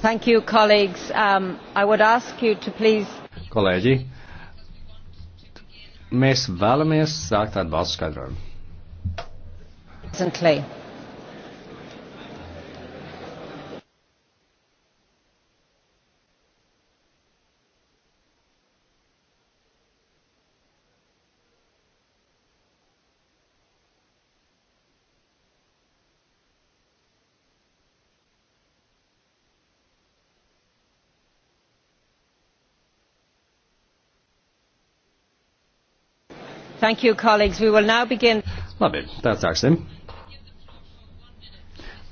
Thank you, colleagues. Um, I would ask you to please. Kolēģi, mēs vēlamies sākt ar balsu skaidrojumu. Thank you, colleagues. We will now begin. Labi, tā sāksim.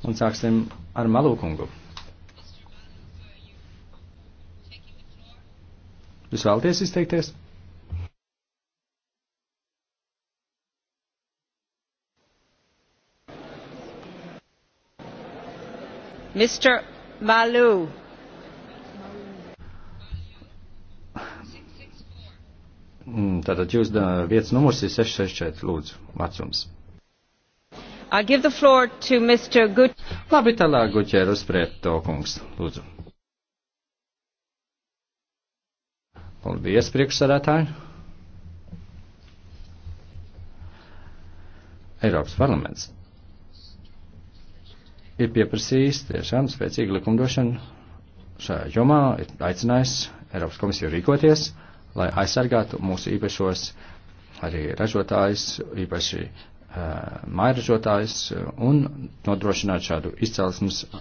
Un sāksim ar Malūkungu. Jūs vēlaties izteikties? Mr. Malū. Mm, tātad jūs vietas numurs ir 664, lūdzu, vecums. I give the floor to Mr. Gut. Labi, tālāk Gutieres Preto kungs, lūdzu. Paldies, priekšsarētāji. Eiropas parlaments ir pieprasījis tiešām spēcīgu likumdošanu šajā jomā, ir aicinājis Eiropas komisiju rīkoties. Uh, lai aizsargātu mūsu īpašos arī ražotājus, īpaši uh, mairažotājus un nodrošinātu šādu izcelsmes uh,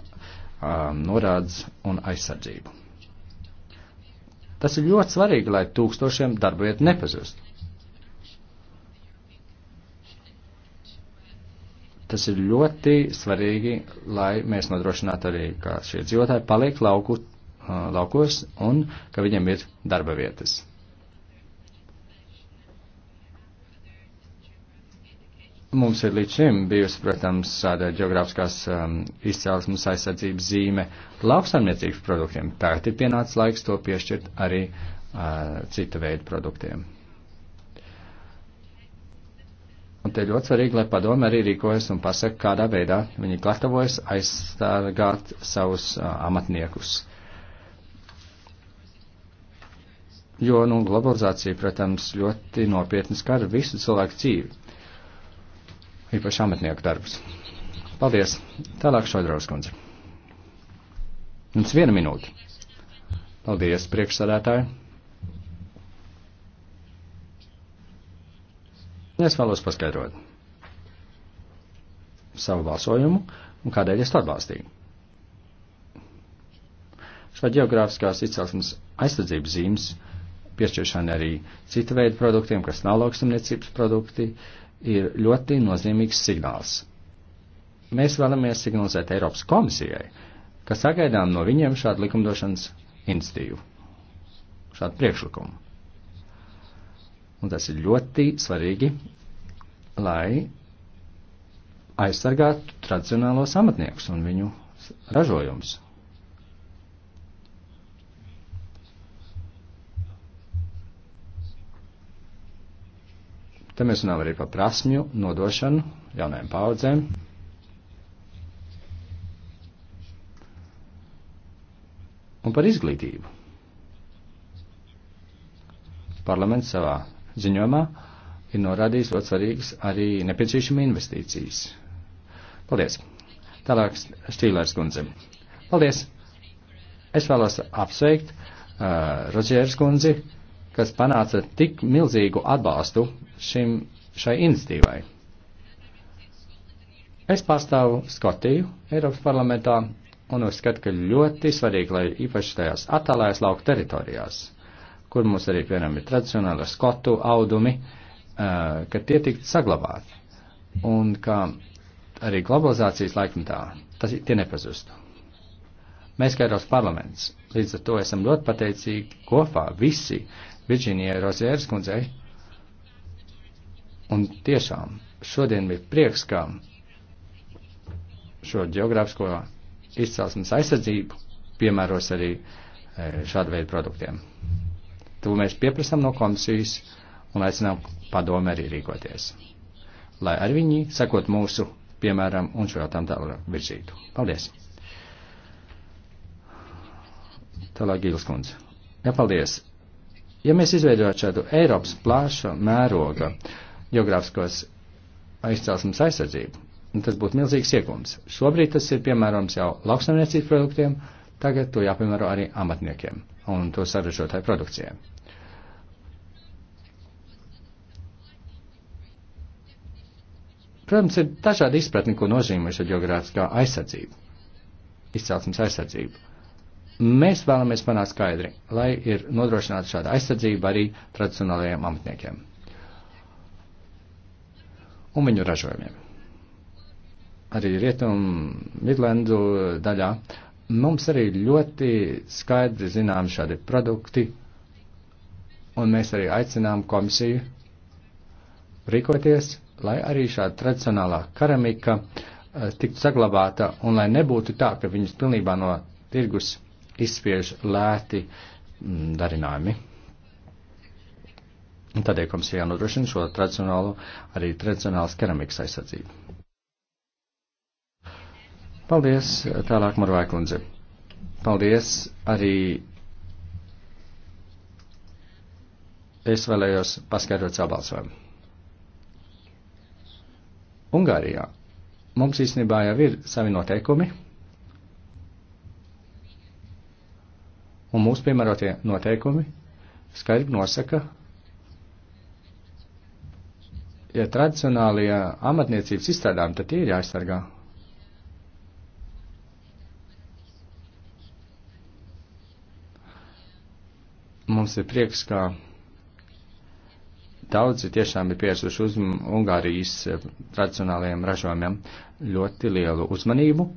norādes un aizsardzību. Tas ir ļoti svarīgi, lai tūkstošiem darbvietu nepazust. Tas ir ļoti svarīgi, lai mēs nodrošinātu arī, ka šie dzīvotāji paliek lauku, laukos un ka viņiem ir darba vietas. Mums ir līdz šim bijusi, protams, tāda geogrāfiskās um, izcelsmes aizsardzības zīme lauksaimniecības produktiem. Tagad ir pienācis laiks to piešķirt arī uh, cita veida produktiem. Un te ļoti svarīgi, lai padome arī rīkojas un pasaka, kādā veidā viņi gatavojas aizstāvēt savus uh, amatniekus. Jo, nu, globalizācija, protams, ļoti nopietni skar visu cilvēku dzīvi īpaši amatnieku darbus. Paldies! Tālāk Šodraus kundze. Mums viena minūte. Paldies, priekšsādātāji! Es vēlos paskaidrot savu balsojumu un kādēļ es to atbalstīju. Šo geogrāfiskās izcelsmes aizsardzības zīmes piešķiršana arī cita veida produktiem, kas nav lauksimniecības produkti, uh, ir ļoti nozīmīgs signāls. Mēs vēlamies signalizēt Eiropas komisijai, ka sagaidām no viņiem šādu likumdošanas institīvu, šādu priekšlikumu. Un tas ir ļoti svarīgi, lai aizsargātu tradicionālos amatniekus un viņu ražojumus. Te mēs runājam arī par prasmju nodošanu jaunajām paudzēm. Un par izglītību. Parlaments savā ziņojumā ir norādījis ļoti svarīgas arī nepieciešama investīcijas. Paldies! Tālāk Štīlērs kundze. Paldies! Es vēlos apsveikt uh, Rodžēras kundzi kas panāca tik milzīgu atbalstu šim, šai iniciatīvai. Es pārstāvu Skotiju Eiropas parlamentā un uzskatu, ka ļoti svarīgi, lai īpaši tajās attālējās lauku teritorijās, kur mums arī, piemēram, ir tradicionāli skotu audumi, ka tie tiktu saglabāti un ka arī globalizācijas laikmetā tas, tie nepazustu. Mēs, kā Eiropas parlaments, līdz ar to esam ļoti pateicīgi kopā visi Virģīnijai Rozēras kundzei. Un tiešām šodien bija prieks, ka šo geogrāfisko izcelsmes aizsardzību piemēros arī e, šādu veidu produktiem. To mēs pieprasām no komisijas un aicinām padomu arī rīkoties, lai ar viņi sakot mūsu piemēram un šo jautājumu tālāk virzītu. Paldies! Tālāk Gīles kundze. Jā, paldies! Ja mēs izveidot šādu Eiropas plāša mēroga geogrāfiskos aizcelsmes aizsardzību, nu, tas būtu milzīgs iegums. Šobrīd tas ir piemērams jau lauksaimniecības produktiem, tagad to jāpiemēro arī amatniekiem un to saražotāju produkcijai. Protams, ir dažādi izpratni, ko nozīmē šī geogrāfiskā aizsardzība, izcelsmes aizsardzība. Mēs vēlamies panākt skaidri, lai ir nodrošināta šāda aizsardzība arī tradicionālajiem amatniekiem un viņu ražojumiem. Arī rietumu Midlandu daļā mums arī ļoti skaidri zinām šādi produkti, un mēs arī aicinām komisiju rīkoties, lai arī šāda tradicionālā keramika eh, tiktu saglabāta un lai nebūtu tā, ka viņus pilnībā no tirgus izspiež lēti mm, darinājumi. Un tādēļ mums ir jānodrošina šo tradicionālo, arī tradicionālas keramikas aizsardzību. Paldies, tālāk Marvai kundze. Paldies arī. Es vēlējos paskaidrot savu balsojumu. Ungārijā mums īstenībā jau ir savi noteikumi Un mūsu piemērotie noteikumi skaidri nosaka, ja tradicionālie amatniecības izstrādājumi, tad tie ir jāaizsargā. Mums ir prieks, ka daudzi tiešām ir pievērsuši uz Ungārijas eh, tradicionālajiem ražojumiem ļoti lielu uzmanību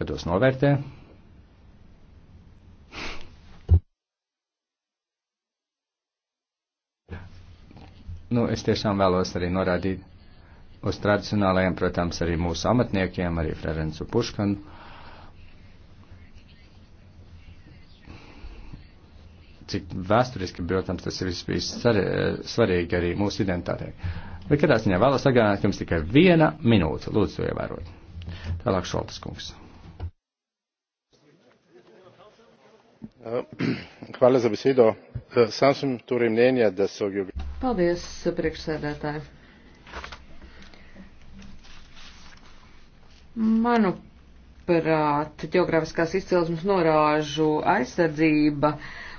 kad tos novērtē. Nu, es tiešām vēlos arī norādīt uz tradicionālajiem, protams, arī mūsu amatniekiem, arī Ferencu Puškanu. Cik vēsturiski, protams, tas ir bijis svarīgi arī mūsu identitātei. Bet katrā ziņā vēlos atgādināt, ka jums tikai viena minūte. Lūdzu, ievērojiet. Tālāk Šoltas kungs. Eh, sam sem torej mnenja da so. paldies priekšsēdētāji. manuprāt ģeogrāfiskās izcelsmes norāžu aizsardzība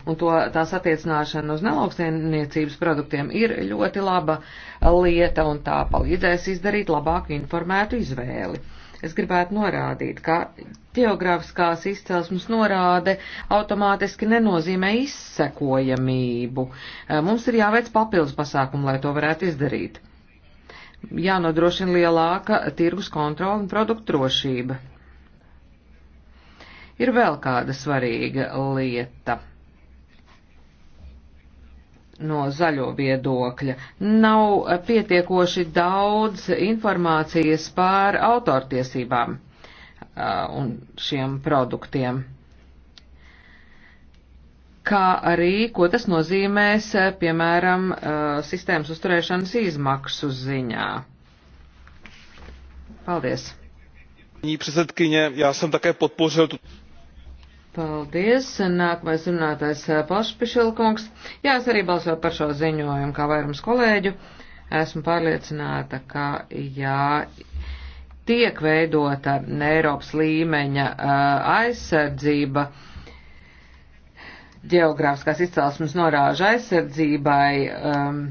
un to, tās attiecināšana uz nelauksaimniecības produktiem ir ļoti laba lieta un tā palīdzēs izdarīt labāku informētu izvēli. Es gribētu norādīt, ka geogrāfiskās izcelsmes norāde automātiski nenozīmē izsekojamību. Eh, mums ir jāveic papildus pasākumu, lai to varētu izdarīt. Jānodrošina lielāka tirgus kontrola un produktu drošība. Ir vēl kāda svarīga lieta no zaļo viedokļa. Nav pietiekoši daudz informācijas pār autortiesībām un šiem produktiem. Kā arī, ko tas nozīmēs, piemēram, sistēmas uzturēšanas izmaksu ziņā. Paldies. Paní předsedkyně, já jsem také podpořil tu. Paldies. Nākamais runātais eh, Pašpišilkungs. Jā, es arī balsoju par šo ziņojumu, kā vairums kolēģu. Esmu pārliecināta, ka jā, tiek veidota Eiropas līmeņa eh, aizsardzība ģeogrāfiskās izcelsmes norāža aizsardzībai. Um,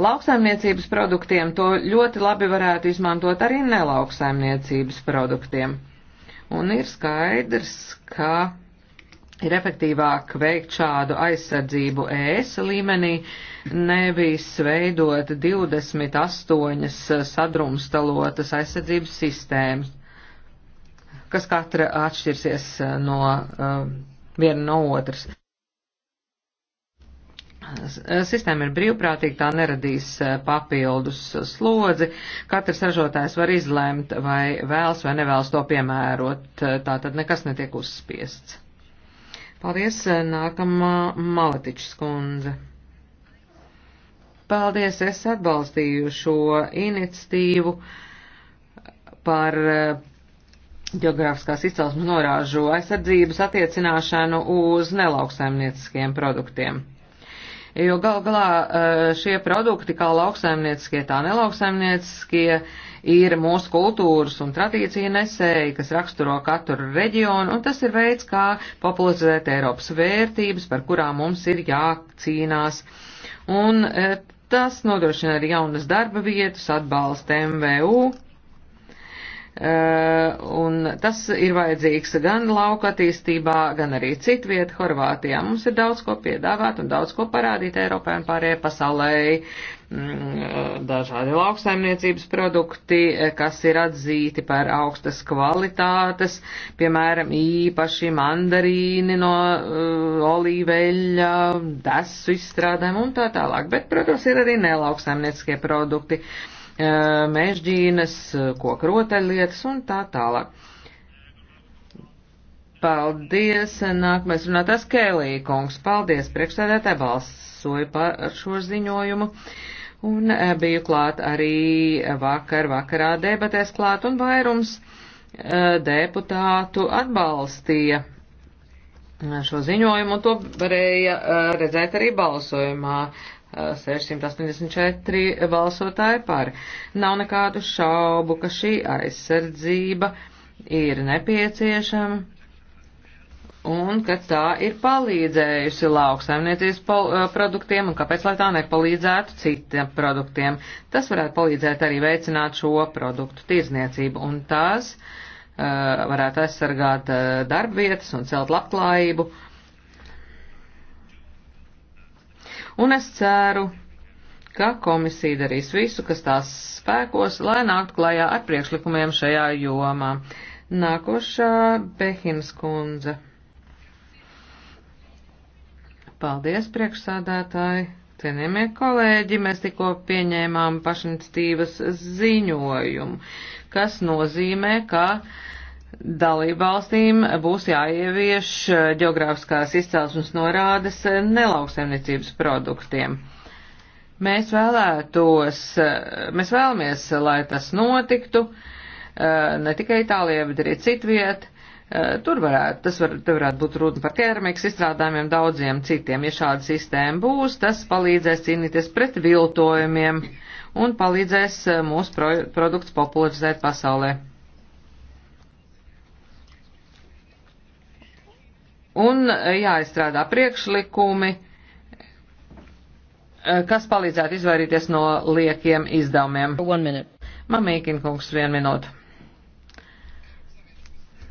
Lauksaimniecības produktiem to ļoti labi varētu izmantot arī nelauksaimniecības produktiem. Un ir skaidrs, ka ir efektīvāk veikt šādu aizsardzību ES līmenī, nevis veidot 28 sadrumstalotas aizsardzības sistēmas, kas katra atšķirsies no uh, viena no otras. Eh, sistēma ir brīvprātīga, tā neradīs eh, papildus slodzi. Katrs ražotājs var izlemt, vai vēlas vai nevēlas to piemērot, eh, tā tad nekas netiek uzspiests. Paldies, nākamā Maletičs kundze. Paldies, es atbalstīju šo iniciatīvu par geogrāfiskās izcelsmes norāžu aizsardzības attiecināšanu uz nelauksaimnieciskiem produktiem jo gal galā eh, šie produkti, kā lauksaimnieciskie, tā nelauksaimnieciskie, ir mūsu kultūras un tradīcija nesēji, kas raksturo katru reģionu, un tas ir veids, kā popularizēt Eiropas vērtības, par kurām mums ir jācīnās. Un eh, tas nodrošina arī jaunas darba vietas, atbalsta MVU Eh, un tas ir vajadzīgs gan lauka attīstībā, gan arī citviet Horvātijā. Mums ir daudz ko piedāvāt un daudz ko parādīt Eiropai un pārējai pasaulē. Mm, eh, dažādi lauksaimniecības produkti, eh, kas ir atzīti par augstas kvalitātes, piemēram, īpaši mandarīni no uh, olīveļa, desu izstrādājumu un tā tālāk. Bet, protams, ir arī nelauksaimnieciskie produkti. Uh, mežģīnas, koka rotaļlietas un tā tālāk. Paldies, nākamais runātājs Kēlī kungs. Paldies, priekšstādētāji balsoja par šo ziņojumu. Un biju klāt arī vakar, vakarā debatēs klāt un vairums deputātu atbalstīja šo ziņojumu, un to varēja redzēt arī balsojumā. 684 balsotāji par. Nav nekādu šaubu, ka šī aizsardzība ir nepieciešama un ka tā ir palīdzējusi lauksaimniecības produktiem un kāpēc lai tā nepalīdzētu citiem produktiem. Tas varētu palīdzēt arī veicināt šo produktu tirzniecību un tās uh, varētu aizsargāt uh, darbvietas un celt labklājību. Uh, un es ceru, ka komisija darīs visu, kas tās spēkos, lai nāktu klajā ar priekšlikumiem šajā jomā. Nākošā Behinas kundze. Paldies, priekšsādātāji! Cienījamie kolēģi, mēs tikko pieņēmām pašinicitīvas ziņojumu, kas nozīmē, ka uh, Dalībvalstīm būs jāievieš eh, geogrāfiskās izcelsmes norādes eh, nelauksaimniecības produktiem. Mēs vēlētos, eh, mēs vēlamies, lai tas notiktu ne tikai Itālijā, bet arī citviet. Tur varētu, tas var, varētu būt runa par ķermēks izstrādājumiem daudziem citiem. Ja šāda sistēma būs, tas palīdzēs cīnīties pret viltojumiem un palīdzēs mūsu pro, produkts popularizēt pasaulē. un eh, jāizstrādā priekšlikumi, eh, kas palīdzētu izvairīties no liekiem izdevumiem. Mamīkin kungs, vienu minūtu.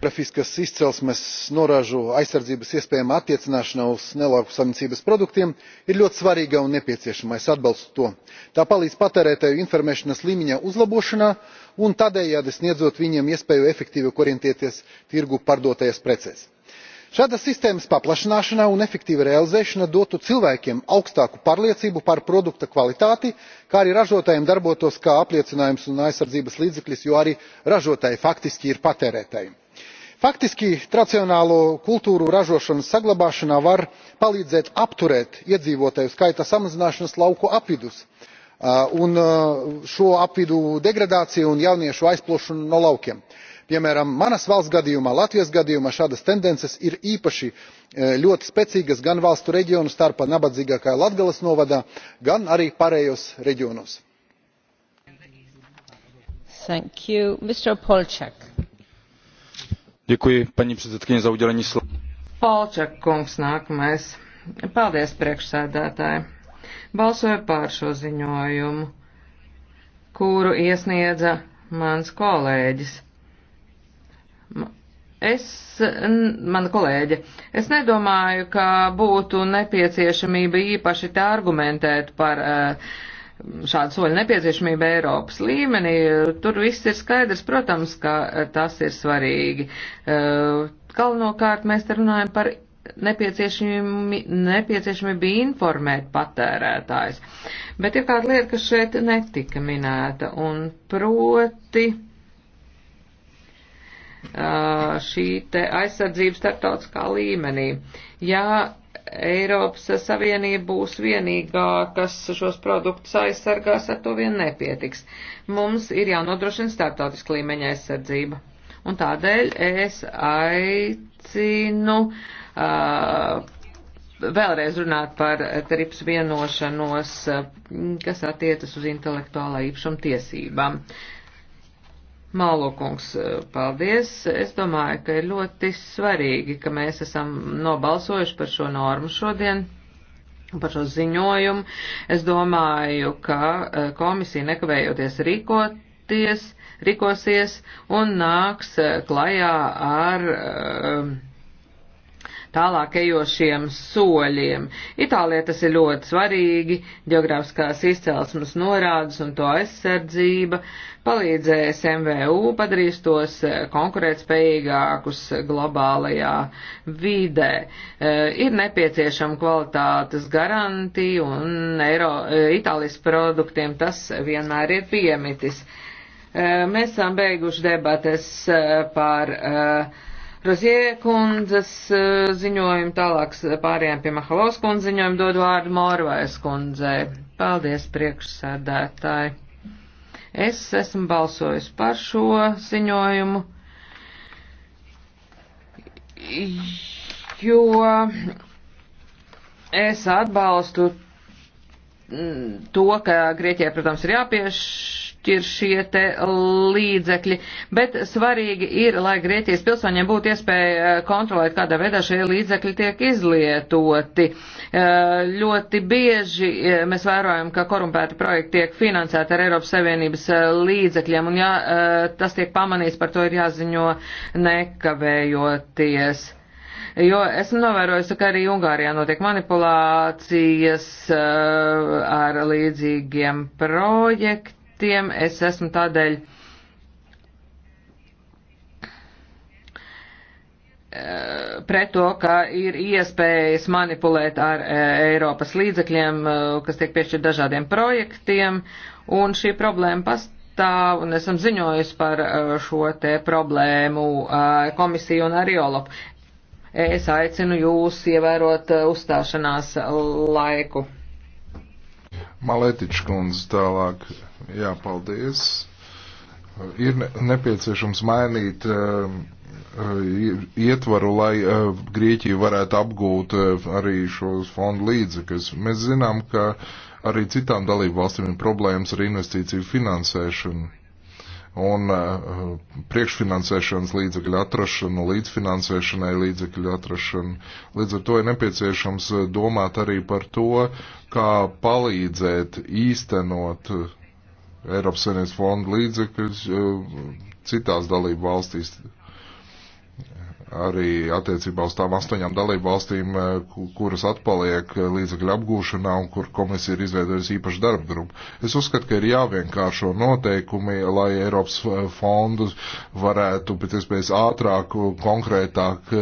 Geogrāfiskas izcelsmes norāžu aizsardzības iespējama attiecināšana uz nelauksaimniecības produktiem ir ļoti svarīga un nepieciešama. Es atbalstu to. Tā palīdz patērētāju informēšanas līmeņa uzlabošanā un tādējādi sniedzot viņiem iespēju efektīvāk orientēties tirgu pārdotajās precēs šāda sistēmas paplašināšana un efektīva realizēšana dotu cilvēkiem augstāku pārliecību par produkta kvalitāti kā arī ražotājiem darbotos kā apliecinājums un aizsardzības līdzeklis jo arī ražotāji faktiski ir patērētāji. faktiski tradicionālo kultūru ražošanas saglabāšanā var palīdzēt apturēt iedzīvotāju skaita samazināšanos lauku apvidos un šo apvidu degradāciju un jauniešu aizplūšanu no laukiem piemēram manas valsts gadījumā latvijas gadījumā šādas tendences ir īpaši e, ļoti spēcīgas gan valstu reģionu starpā nabadzīgākajā latgales novadā gan arī pārējos reģionos. Děkuji, paní předsedkyně, za udělení slova. Polčak kungs nākamais. Paldies, priekšsēdētāji. Balsoju pār šo ziņojumu, kuru iesniedza mans kolēģis. Es, mana kolēģe, es nedomāju, ka būtu nepieciešamība īpaši te argumentēt par eh, šādu soļu nepieciešamību Eiropas līmenī. Tur viss ir skaidrs, protams, ka tas ir svarīgi. Eh, galvenokārt mēs te runājam par nepieciešami, nepieciešamība informēt patērētājs. Bet ir kāda lieta, kas šeit netika minēta, un proti šī te aizsardzība starptautiskā līmenī. Ja Eiropas Savienība būs vienīgā, kas šos produktus aizsargās, ar to vien nepietiks. Mums ir jānodrošina starptautiska līmeņa aizsardzība. Un tādēļ es aicinu uh, vēlreiz runāt par trips vienošanos, kas attiecas uz intelektuālā īpašuma tiesībām. Uh, Mālokungs, paldies. Es domāju, ka ir ļoti svarīgi, ka mēs esam nobalsojuši par šo normu šodien, par šo ziņojumu. Es domāju, ka eh, komisija nekavējoties rīkoties, rīkosies un nāks eh, klajā ar. Uh, tālākajošiem soļiem. Itālijai tas ir ļoti svarīgi, geogrāfiskās izcelsmes norādes un to aizsardzība palīdzēs MVU padarīs tos eh, konkurētspējīgākus globālajā vidē. Eh, ir nepieciešama kvalitātes garantija un Eiro, eh, Itālijas produktiem tas vienmēr ir piemitis. Mēs esam beiguši debates par uh, Rozie kundzes eh, ziņojumu, tālāk pārējām pie Mahalovas kundzes ziņojumu dod vārdu Morvais kundzei. Paldies, priekšsēdētāji. Es esmu balsojis par šo ziņojumu, jo es atbalstu mm, to, ka Grieķijai, protams, ir jāpieš piešķir šie te līdzekļi, bet svarīgi ir, lai Grieķijas pilsoņiem būtu iespēja eh, kontrolēt, kādā veidā šie līdzekļi tiek izlietoti. Eh, ļoti bieži eh, mēs vērojam, ka korumpēti projekti tiek finansēti ar Eiropas Savienības līdzekļiem, un ja tas tiek pamanīts, par to ir jāziņo nekavējoties jo esmu novērojusi, ka arī Ungārijā notiek manipulācijas uh, ar līdzīgiem projektiem aktiem. Es esmu tādēļ eh, pret to, ka ir iespējas manipulēt ar eh, Eiropas līdzekļiem, eh, kas tiek piešķirt dažādiem projektiem, un šī problēma pastāv pastāv, un esam ziņojusi par šo te problēmu komisiju un arī Olopu. Es aicinu jūs ievērot uzstāšanās laiku. Maletiņš kundze tālāk. Jā, paldies. Ir nepieciešams mainīt eh, eh, ietvaru, lai eh, Grieķija varētu apgūt arī šos fondu līdzekļus. Mēs zinām, ka arī citām dalību valstīm ir problēmas ar investīciju finansēšanu un priekšfinansēšanas līdzekļu atrašanu, līdzfinansēšanai līdzekļu atrašanu. Līdz ar to ir nepieciešams domāt arī par to, kā palīdzēt īstenot Eiropas Savienības fonda līdzekļus mm, citās dalību valstīs. Arī attiecībā uz tām astoņām dalību valstīm, eh, kuras atpaliek eh, līdzekļu apgūšanā un kur komisija ir izveidojusi īpašu darba grupu. Es uzskatu, ka ir jāvienkāršo noteikumi, lai Eiropas eh, fondus varētu pēc iespējas ātrāk, konkrētāk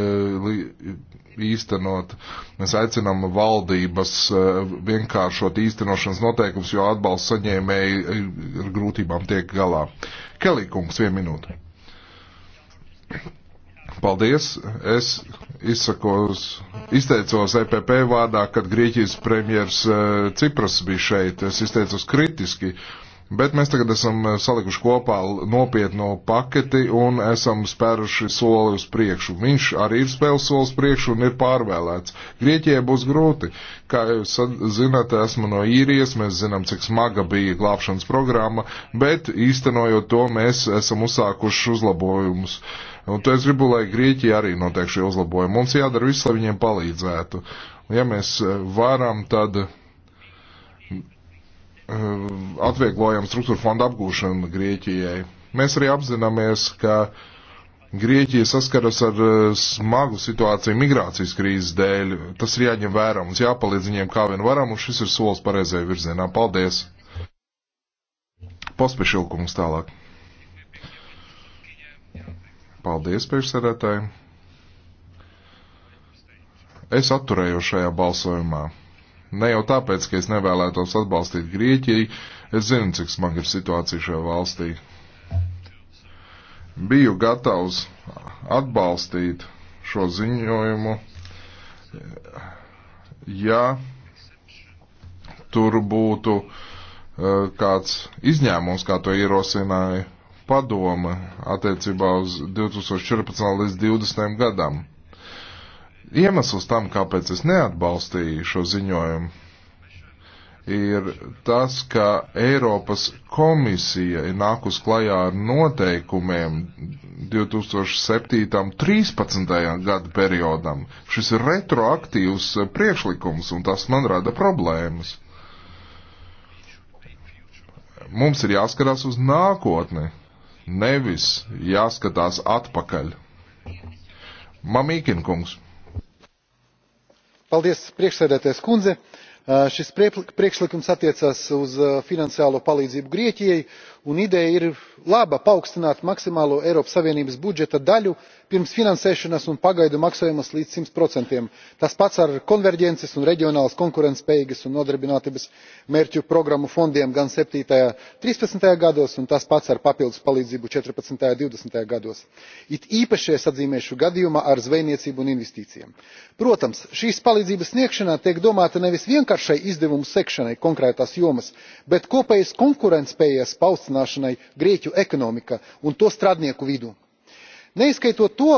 īstenot. Mēs aicinām valdības eh, vienkāršot īstenošanas noteikums, jo atbalsts saņēmēji eh, ar grūtībām tiek galā. Kelīkungs, vien minūte. Paldies! Es izsakos, izteicos EPP vārdā, kad Grieķijas premjers eh, Cipras bija šeit. Es izteicos kritiski. Uh, Bet mēs tagad esam eh, salikuši kopā nopietnu paketi un esam spēruši soli uz priekšu. Viņš arī ir spēles solis priekšu un ir pārvēlēts. Grieķijai būs grūti. Kā jūs zināt, esmu no īrijas, mēs zinām, cik smaga bija glābšanas programma, bet īstenojot to, mēs esam uzsākuši uzlabojumus. Un to es gribu, lai Grieķija arī notiek šie uzlabojumi. Mums jādara viss, lai viņiem palīdzētu. Ja mēs eh, varam, tad Eh, atvieglojam struktūra fonda apgūšanu Grieķijai. Mēs arī apzināmies, ka Grieķija saskaras ar eh, smagu situāciju migrācijas krīzes dēļ. Tas ir jāņem vērā, mums jāpalīdz viņiem kā vien varam, un šis ir solis pareizajā virzienā. Paldies! Pospešilkums tālāk. Paldies, priekšsēdētāji! Es atturēju šajā balsojumā. Ne jau tāpēc, ka es nevēlētos atbalstīt Grieķiju, es zinu, cik smaga ir situācija šajā valstī. Biju gatavs atbalstīt šo ziņojumu, ja tur būtu eh, kāds izņēmums, kā to ierosināja padoma attiecībā uz 2014 līdz 2020 gadam. Iemesls tam, kāpēc es neatbalstīju šo ziņojumu, ir tas, ka Eiropas komisija ir nākus klajā ar noteikumiem 2007.13. gada periodam. Šis ir retroaktīvs priekšlikums, un tas man rada problēmas. Mums ir jāskatās uz nākotni, nevis jāskatās atpakaļ. Mamīkinkungs paldies priekšsēdētājas kundze uh, šis priekšlikums attiecas uz uh, finansiālo palīdzību grieķijai un ideja ir laba paaugstināt maksimālo eiropas savienības budžeta daļu pirms finansēšanas un pagaidu maksājumus līdz simt tas pats ar konverģences un reģionālās konkurētspējas un nodarbinātības mērķu programmu fondiem gan septītajā trīspadsmitajā gados un tas pats ar papildus palīdzību četrpadsmitajā divdesmitajā gados it īpaši es atzīmēšu gadījumā ar zvejniecību un investīcijām. protams šīs palīdzības sniegšana tiek domāta nevis vienkāršai izdevumu sekšanai konkrētās jomās bet kopējas konkurētspējas pasliktināšanai grieķu ekonomikā un to strādnieku vidū. neskaitot to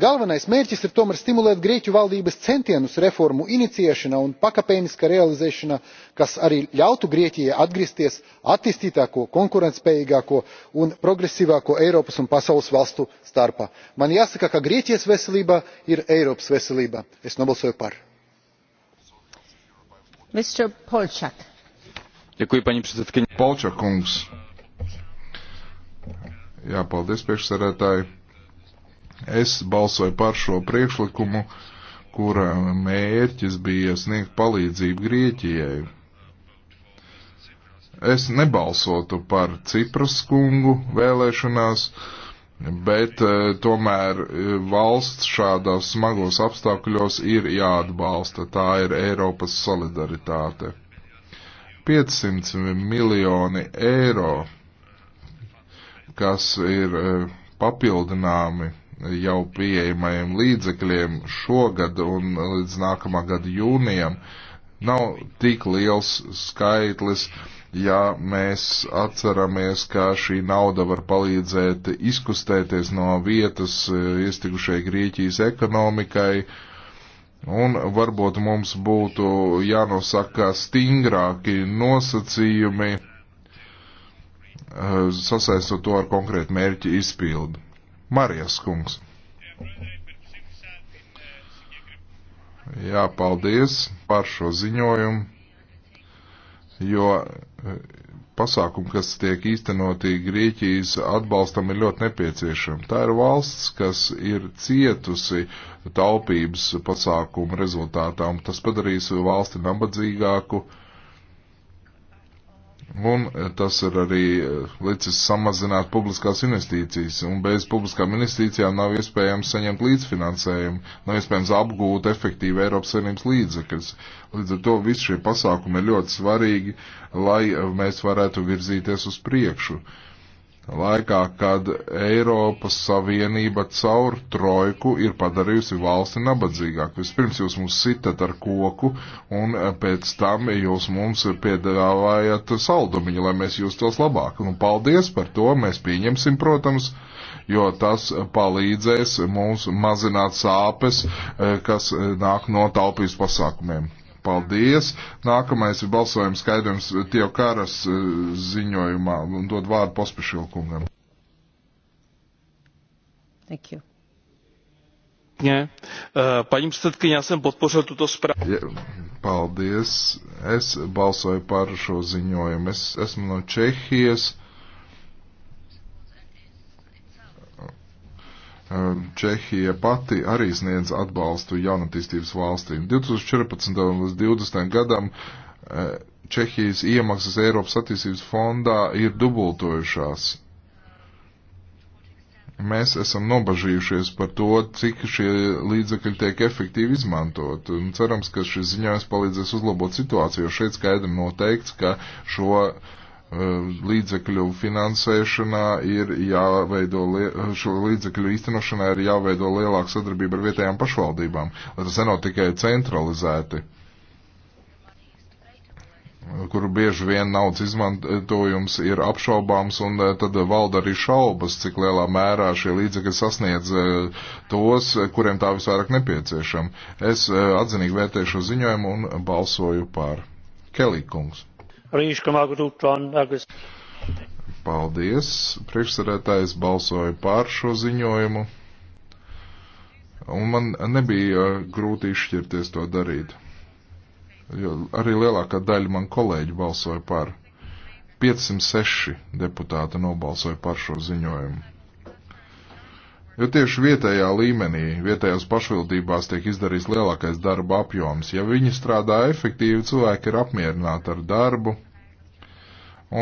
galvenais mērķis ir tomēr stimulēt grieķu valdības centienus reformu iniciēšanā un pakāpeniskā realizēšanā kas arī ļautu grieķijai atgriezties attīstītāko konkurētspējīgāko un progresīvāko eiropas un pasaules valstu starpā. man jāsaka ka grieķijas veselība ir eiropas veselība. es nobalsoju par. paní předsedající Jā, paldies priekšsarētāji. Es balsoju par šo priekšlikumu, kura mērķis bija sniegt palīdzību Grieķijai. Es nebalsotu par Cipras kungu vēlēšanās, bet e, tomēr e, valsts šādos smagos apstākļos ir jāatbalsta. Tā ir Eiropas solidaritāte. 500 miljoni eiro kas ir e, papildināmi jau pieejamajiem līdzekļiem šogad un līdz nākamā gada jūnijam, nav tik liels skaitlis, ja mēs atceramies, ka šī nauda var palīdzēt izkustēties no vietas e, iestigušai Grieķijas ekonomikai, Un varbūt mums būtu jānosaka stingrāki nosacījumi Eh, sasaistot to ar konkrētu mērķu izpildu. Marijas kungs. Jā, paldies par šo ziņojumu, jo eh, pasākumi, kas tiek īstenoti Grieķijas atbalstam, ir ļoti nepieciešami. Tā ir valsts, kas ir cietusi taupības pasākumu rezultātā, un tas padarīs valsti nabadzīgāku. Uh, Un eh, tas ir arī eh, licis samazināt publiskās investīcijas, un bez publiskām investīcijām nav iespējams saņemt līdzfinansējumu, nav iespējams apgūt efektīvu Eiropas Savienības līdzekļus. Līdz ar to visi šie pasākumi ir ļoti svarīgi, lai eh, mēs varētu virzīties uz priekšu. Uh, laikā, kad Eiropas Savienība caur trojku ir padarījusi valsti nabadzīgāku. Vispirms jūs mums sitat ar koku, un pēc tam jūs mums piedāvājat saldumiņu, lai mēs justos labāk. Nu, paldies par to, mēs pieņemsim, protams, jo tas palīdzēs mums mazināt sāpes, eh, kas eh, nāk no taupības pasākumiem. Paldies! Nākamais ir balsojums skaidrums tie karas eh, ziņojumā un dod vārdu pospešilkungam. Thank you. Eh, Paņem předsedkyně, já jsem podpořil tuto zprávu. Paldies. Es balsoju par šo ziņojumu. Es esmu no Čehijas Um, Čehija pati arī sniedz atbalstu jaunatīstības valstīm. 2014. līdz 2020. gadam uh, Čehijas iemaksas Eiropas attīstības fondā ir dubultojušās. Mēs esam nobažījušies par to, cik šie līdzekļi tiek efektīvi izmantot. Un cerams, ka šis ziņojums palīdzēs uzlabot situāciju, jo šeit skaidri noteikts, ka šo uh, Eh, līdzekļu finansēšanā ir jāveido, eh, šo līdzekļu īstenošanā ir jāveido lielāka sadarbība ar vietējām pašvaldībām, lai tas nav tikai centralizēti, kur bieži vien naudas izmantojums ir apšaubāms, un eh, tad valda arī šaubas, cik lielā mērā šie līdzekļi sasniedz tos, kuriem tā visvairāk nepieciešama. Es atzinīgi vērtēju šo ziņojumu un balsoju par Kelī kungs. Paldies. Priekšsarētājs balsoja pār šo ziņojumu. Un man nebija grūti izšķirties to darīt. Jo arī lielākā daļa man kolēģi balsoja par. 506 deputāti nobalsoja par šo ziņojumu. Jo tieši vietējā līmenī, vietējās pašvaldībās tiek izdarīts lielākais darba apjoms. Ja viņi strādā efektīvi, cilvēki ir apmierināti ar darbu,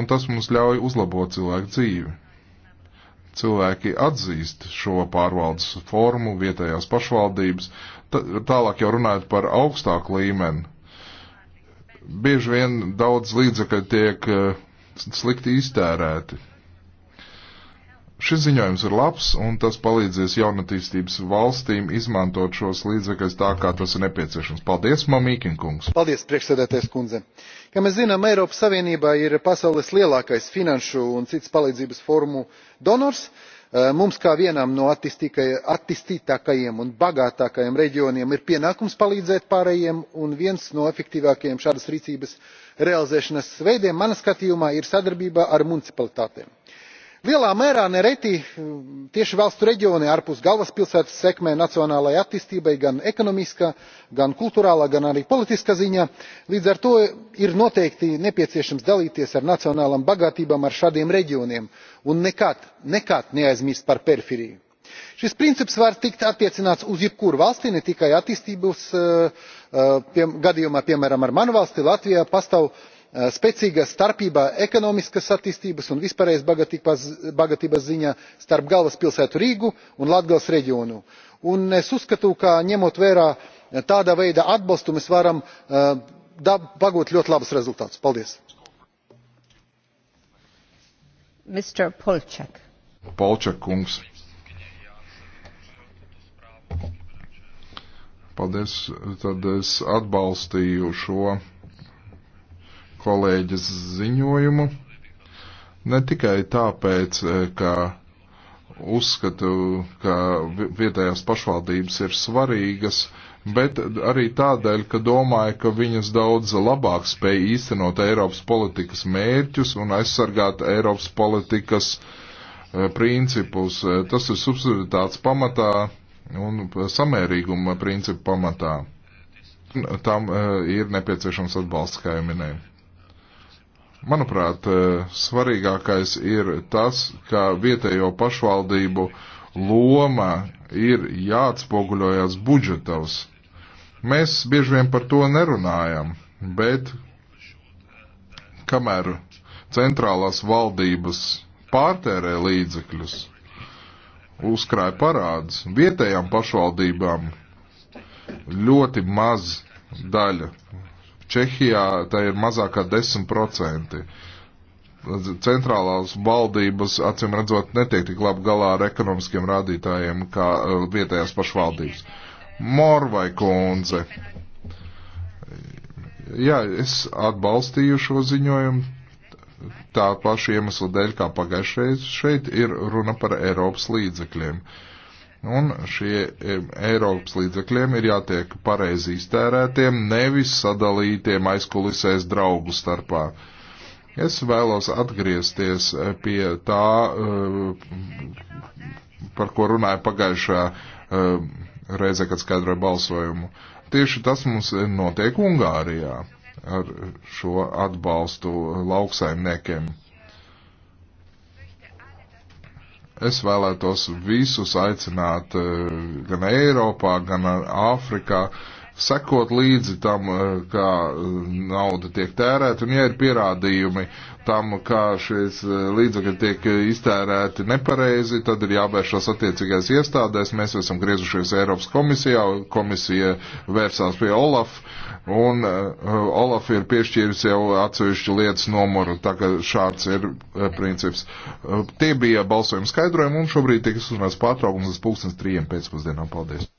un tas mums ļauj uzlabot cilvēku dzīvi. Cilvēki atzīst šo pārvaldes formu, vietējās pašvaldības, tālāk jau runājot par augstāku līmeni. Bieži vien daudz līdzekļu tiek eh, slikti iztērēti Šis ziņojums ir labs, un tas palīdzēs jaunatīstības valstīm izmantot šos līdzekļus tā, kā tas ir nepieciešams. Paldies, Mamīkin kungs! Paldies, priekšsēdētājs kundze! Kā mēs zinām, Eiropas Savienībā ir pasaules lielākais finanšu un cits palīdzības formu donors. Eh, mums, kā vienam no attīstītākajiem un bagātākajiem reģioniem, ir pienākums palīdzēt pārējiem, un viens no efektīvākajiem šādas rīcības realizēšanas veidiem, manā skatījumā, ir sadarbība ar municipalitātēm lielā mērā nereti mm, tieši valstu reģioni ārpus galvaspilsētas sekmē nacionālajai attīstībai gan ekonomiskā gan kultūrālā gan arī politiskā ziņā līdz ar to ir noteikti nepieciešams dalīties ar nacionālām bagātībām ar šādiem reģioniem un nekad nekad neaizmirst par perifēriju. šis princips var tikt attiecināts uz jebkuru valsti ne tikai attīstības eh, eh, gadījumā piemēram ar manu valsti latviju pastāv Eh, spēcīga starpība ekonomiskas attīstības un vispārējas bagātības ziņā starp galvaspilsētu rīgu un latgales reģionu un es uzskatu ka ņemot vērā tāda veida atbalstu mēs varam eh, panākt ļoti labus rezultātus. paldies! polk kungs paldies tad es atbalstīju šo kolēģis ziņojumu. Ne tikai tāpēc, e, ka uzskatu, ka vietējās pašvaldības ir svarīgas, bet arī tādēļ, ka domāju, ka viņas daudz labāk spēj īstenot Eiropas politikas mērķus un aizsargāt Eiropas politikas e, principus. E, tas ir subsiditāts pamatā un samērīguma principu pamatā. Tam ir nepieciešams atbalsts, kā jau minēju. Manuprāt, eh, svarīgākais ir tas, ka vietējo pašvaldību loma ir jāatspoguļojas budžetos. Mēs bieži vien par to nerunājam, bet kamēr centrālās valdības pārtērē līdzekļus, uzkrāja parādus, vietējām pašvaldībām ļoti maz daļa Čehijā tā ir mazākā 10%. Centrālās valdības, acīm redzot, netiek tik labi galā ar ekonomiskiem rādītājiem kā eh, vietējās pašvaldības. Morvai kundze. Jā, es atbalstīju šo ziņojumu tā paša iemesla dēļ, kā pagājušreiz. Šeit ir runa par Eiropas līdzekļiem. Uh, Un šie e, Eiropas līdzekļiem ir jātiek pareizi iztērētiem, nevis sadalītiem aizkulisēs draugu starpā. Es vēlos atgriezties e, pie tā, e, par ko runāju pagājušā reize, kad skaidroju balsojumu. Tieši tas mums notiek Ungārijā ar šo atbalstu lauksaimniekiem. Es vēlētos visus aicināt eh, gan Eiropā, gan eh, Āfrikā, sekot līdzi tam, eh, kā nauda tiek tērēta, un ja ir pierādījumi tam, kā šīs līdzekļi tiek iztērēti nepareizi, tad ir jāvēršas attiecīgais iestādēs. Mēs esam griezušies Eiropas komisijā, komisija vērsās pie Olafa Un uh, Olaf ir piešķīris jau atsevišķu lietas numuru, tā ka šāds ir uh, princips. Uh, tie bija balsojuma skaidrojumi, un šobrīd tiek uzrunāts pārtraukums uz pulkstens trījiem pēcpusdienām. Paldies!